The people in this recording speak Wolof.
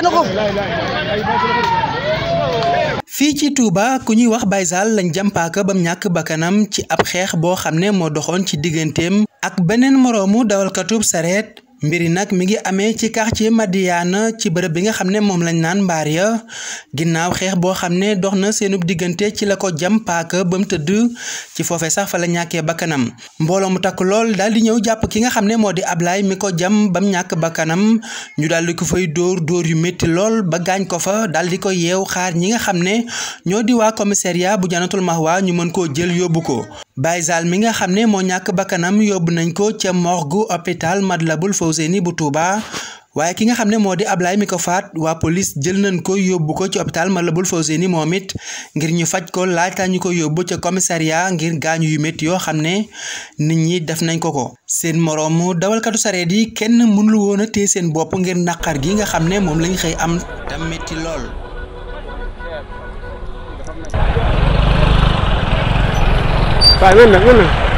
rey fii ci Touba ku ñuy wax Baye Sall lañ jàmpaaka ba ñàkk bakkanam ci ab xeex boo xam ne moo doxoon ci digganteem ak beneen moroomu dawalkatub sareet mbir yi nag mi ngi amee ci quartier Madiyana ci bërëb bi nga xam ne moom lañu naan mbaar ya ginnaaw xeex boo xam ne dox na seenub diggante ci la ko jam paaka ba mu tëdd ci foofe sax fa la ñàkkee bakkanam mbooloo mu takk lool daal di ñëw jàpp ki nga xam ne moo di Ablaay mi ko jam ba mu ñàkk bakkanam ñu daal di ko fay dóor dóor yu métti lool ba gaañ ko fa daal di ko yeew xaar ñi nga xam ne ñoo di waa commissariat bu Jannatul waa ñu mën koo jël yóbbu ko Baye Zal mi nga xam ne moo ñàkk bakkanam yóbbu nañ ko ca la bul Matlaboul Fawzeyni bu Touba waaye ki nga xam ne moo di Ablaye mi ko faat waa police jël nañ ko yóbbu ko ci hôpital Matlaboul Fawzeyni moom it ngir ñu faj ko laata ñu ko yóbbu ca commissariat ngir gaañu yu métti yoo xam ne nit ñi def nañ ko ko. seen moroomu dawalkatu sareet yi kenn mënul woona a seen bopp ngir naqar gi nga xam ne moom lañ xëy am tam métti lool. waaw noonu la noonu la